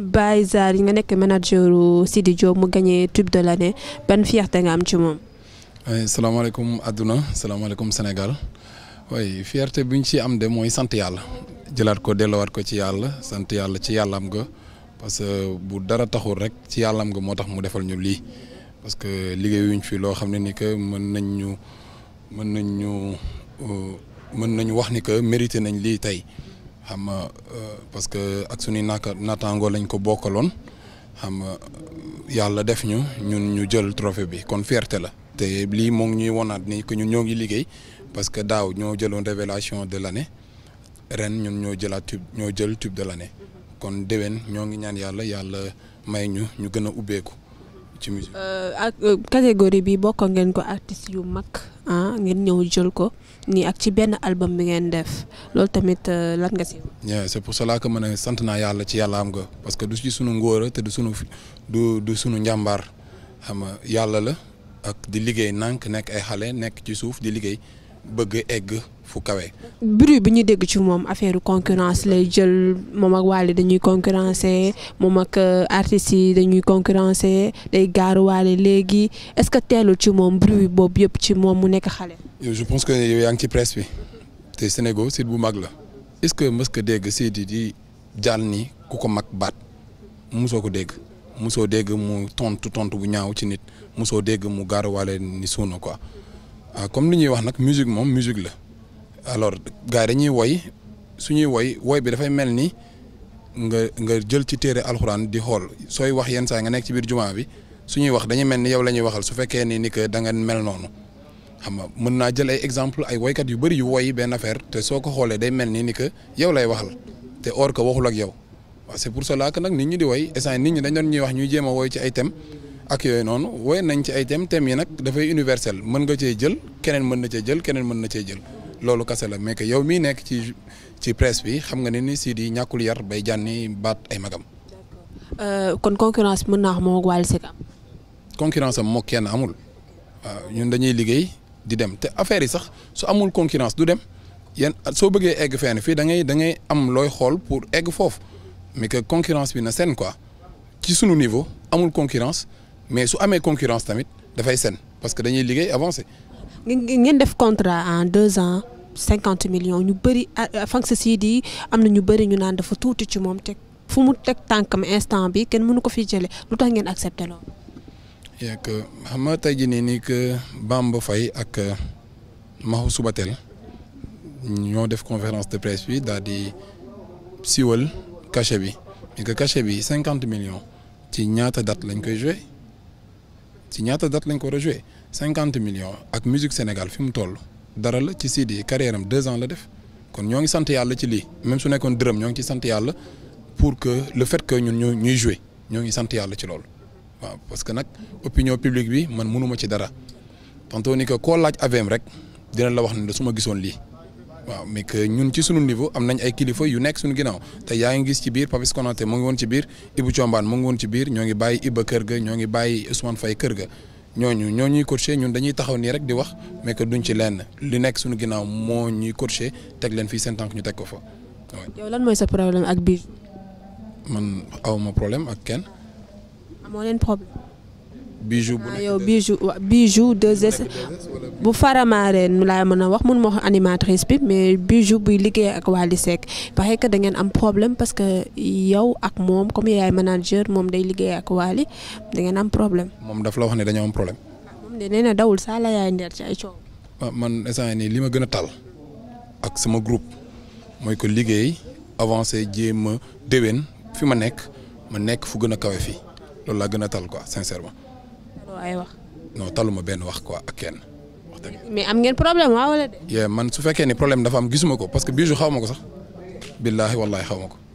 Baye Zar yi nga nekk manager Sidi Diop mu gagné tube de l'année ban fierté nga am ci moom. salaamaaleykum adduna salaamaaleykum Sénégal oui fierté bi ñu ci am de mooy sant yàlla jëlaat ko dellowaat ko ci yàlla sant yàlla ci yàllaam nga parce que bu dara taxul rek ci yàllaam nga moo tax mu defal ñu lii. parce que liggéeyuñ fi loo xam ne ni que mën nañ ñu mën nañ ñu euh, mën nañu wax ni que mérité nañ lii tey xam nga euh, parce que ak suñuy naaka naataangoo lañ ko bokkaloon xam nga yàlla def ñu ñun ñu jël trophée bi kon fierté la. te lii moo ngi ñuy wonaat ni ko ñun ñoo ngi liggéey parce que daaw ñoo jëloon révélation de l'année ren ñun ñoo jëlaat tube ñoo jël tube de l'année kon déwén ñoo ngi ñaan yàlla yàlla may ñu ñu gën a ubbeeku. ci musique euh, ak euh, catégorie bi bokk ngeen ko artistes yu mag ah, ngeen ñëw jël ko nii ak ci benn album bi ngeen def loolu tamit euh, lan nga si. c'est pour cela que ma ne sant naa yàlla ci yàlla am nga parce que du ci sunu ngóora te du sunu du du sunu njàmbaar xam yàlla la ak di liggéey nànk nekk ay xale nekk ci suuf di liggéey. bëgg egg fu kawee bruit bi ñu dégg ci moom affaire concurrence lay jël moom ak waale dañuy concurrencer moom ak euh, artistes yi dañuy concurrencer day gaaru Wally léegi est-ce que teelul ci moom bruit boobu yëpp ci moom mu nekk xale. je pense que yow yaa ngi ci presse bi te Sénégal site bu mag la est-ce que mës nga dégg Sidi di jàll ni ku ko mag baat musoo ko dégg. musoo dégg mu tontu tontu bu ñaaw ci nit musoo dégg mu gaaruwaale ni suuna ko waaw ah, comme li ñuy wax nag musique moom musique la alors gars yi dañuy woy suñuy woy woy bi dafay mel ni nga nga jël ci téere alxuraan di xool sooy wax yenn saa nga nekk ci biir jumaa bi suñuy wax dañuy mel ni yow lañuy waxal su fekkee ni ni que da nga mel noonu xam nga mën naa jël ay exemple ay woykat yu bari yu woy benn affaire te soo ko xoolee day mel ni ni que yow lay waxal te or ko waxul ak yow waaw c'est pour cela que nag nit ñi di woy instant nit ñi dañ doon ñuy wax ñuy jéem a woy ci ay ak yooyu noonu woy nañ ci ay thèmes thèmes yi nag dafay universel mën nga cee jël keneen mën na cee jël keneen mën na cee jël loolu kase la mais que yow mii nekk ci ci presse bi xam nga ne ni Sidy ñàkkul yar bay jànni baat ay magam. Euh, kon concurrence bi mën naa wax moom ak Wally am. moo kenn amul waaw ñun dañuy liggéey di dem te affaire yi sax su amul concurrence du dem yéen soo bëggee egg fenn fii da ngay da ngay am looy xool pour egg foofu mais que concurrence bi na seen quoi ci sunu niveau amul concurrence. mais su amee concurrence tamit dafay seen parce que dañuy liggéey avancé. ngeen def contrat en deux ans cinquante millions ñu bëri Franck Seydi am na ñu bëri ñu naan dafa tuuti ci moom teg fu mu teg tànkam instant bi kenn mënu ko fi jëlee lu tax ngeen accepté loolu. yaa que xam nga tey jii nii nii que Bamba Faye ak euh, Mahou Soubatel ñoo def conférence de presse bi daal di siwal cachet bi et que cachet bi cinquante millions ci ñaata date lañ koy joué. si ñaata date lañ ko rejoué cinquante million ak musique Sénégal fi mu toll dara la ci Sidy carrière am deux ans la def kon ñoo ngi sant yàlla ci lii même su nekkoon dërëm ñoo ngi ci sant yàlla pour que le fait que ñun ñu ñuy joué ñoo ngi sant yàlla ci loolu waaw parce que nag opinion publique bi man mënuma ci dara tantôt ni que koo laaj AVM rek dina la wax ne su ma gisoon lii. waaw mais que ñun ci suñu niveau am nañ ay kilifa yu nekk suñu ginnaaw te yaa ngi gis ci biir Papis Konaté mu ngi woon ci biir Ibou Thiombane mu ngi woon ci biir ñoo ngi bàyyi Iba kër ga ñoo ngi bàyyi Ousmane fay kër ga ñooñu ñoo ñuy coacher ñun dañuy taxaw nii rek di wax mais que duñ ci lenn li nekk suñu ginnaaw moo ñuy coacher teg leen fii seen tànk ñu teg ko fa. yow lan mooy sa problème ak biir. man awma problème ak kenn. amoo leen problème. bijou bu ah, nekk yow bijou bu 2S bu Faramareen laa mën a wax mun ma wax animatrice bi mais bijou buy liggéey ak Wally seek parce que da ngeen am problème parce que yow ak moom comme yaay manager moom day liggéey ak waali da ngeen am problème. moom daf la wax ne dañoo am problème. moom de nee dawul saa la yaay ndeer ci ay coow. Ah, man instant nii li ma gën a tal ak sama groupe mooy ko liggéey avancé jéem a déwén fi ma nekk ma nekk fu gën a kawe fii loolu laa gën a tal quoi sincèrement. ay wax. non taluma benn wax quoi ak kenn. wax dëgg mais am ngeen problème waaw wala de. man su fekkee ni problème dafa am gisuma ko parce que bii ju xaw ma ko sax. billaahi wallaahi xaw ma ko.